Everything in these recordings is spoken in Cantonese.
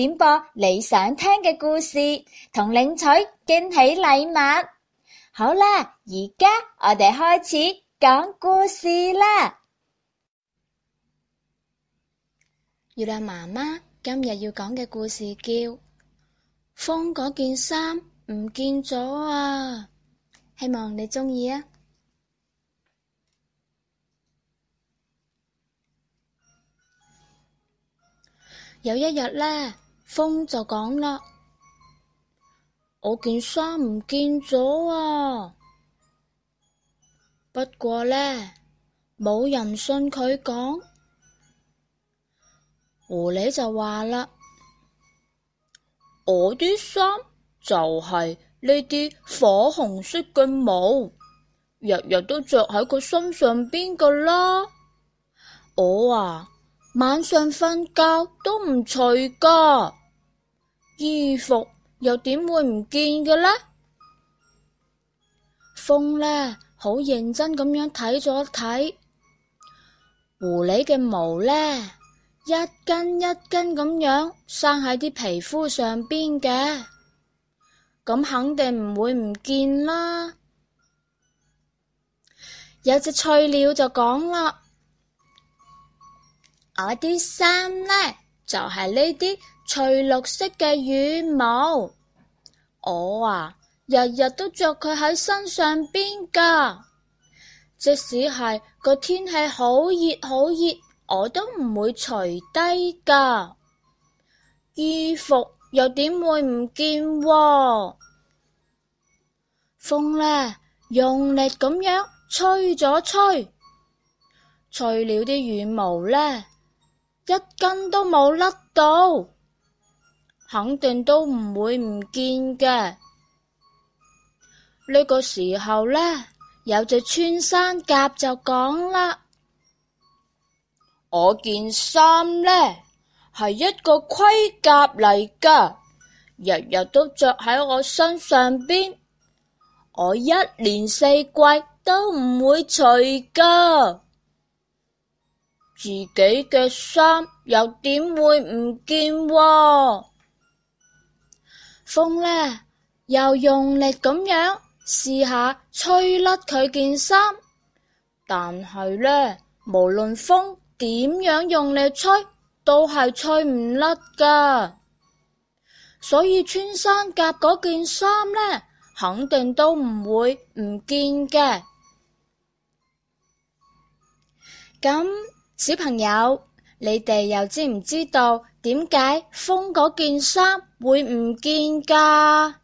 點播你想聽嘅故事，同領取驚喜禮物。好啦，而家我哋開始講故事啦。月亮媽媽今日要講嘅故事叫《風嗰件衫唔見咗啊》，希望你中意啊！有一日咧。風就講啦，我件衫唔見咗啊！不過呢，冇人信佢講。狐狸就話啦，我啲衫就係呢啲火紅色嘅帽，日日都着喺佢身上邊噶啦。我啊，晚上瞓覺都唔除噶。衣服又點會唔見嘅呢？風呢，好認真咁樣睇咗睇。狐狸嘅毛呢，一根一根咁樣生喺啲皮膚上邊嘅，咁肯定唔會唔見啦。有隻翠鳥就講啦，我啲衫呢，就係呢啲。翠綠色嘅羽毛，我啊日日都着佢喺身上邊噶。即使係個天氣好熱好熱，我都唔會除低噶衣服，又點會唔見？風呢，用力咁樣吹咗吹，翠鳥啲羽毛呢，一根都冇甩到。肯定都唔會唔見嘅。呢個時候呢，有隻穿山甲就講啦：我件衫呢，係一個盔甲嚟噶，日日都着喺我身上邊，我一年四季都唔會除噶，自己嘅衫又點會唔見啊？風呢，又用力咁樣試下吹甩佢件衫，但係呢，無論風點樣用力吹，都係吹唔甩㗎。所以穿山甲嗰件衫呢，肯定都唔會唔見嘅。咁小朋友。你哋又知唔知道點解風嗰件衫會唔見噶？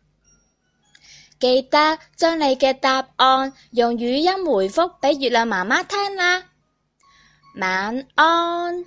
記得將你嘅答案用語音回復畀月亮媽媽聽啦。晚安。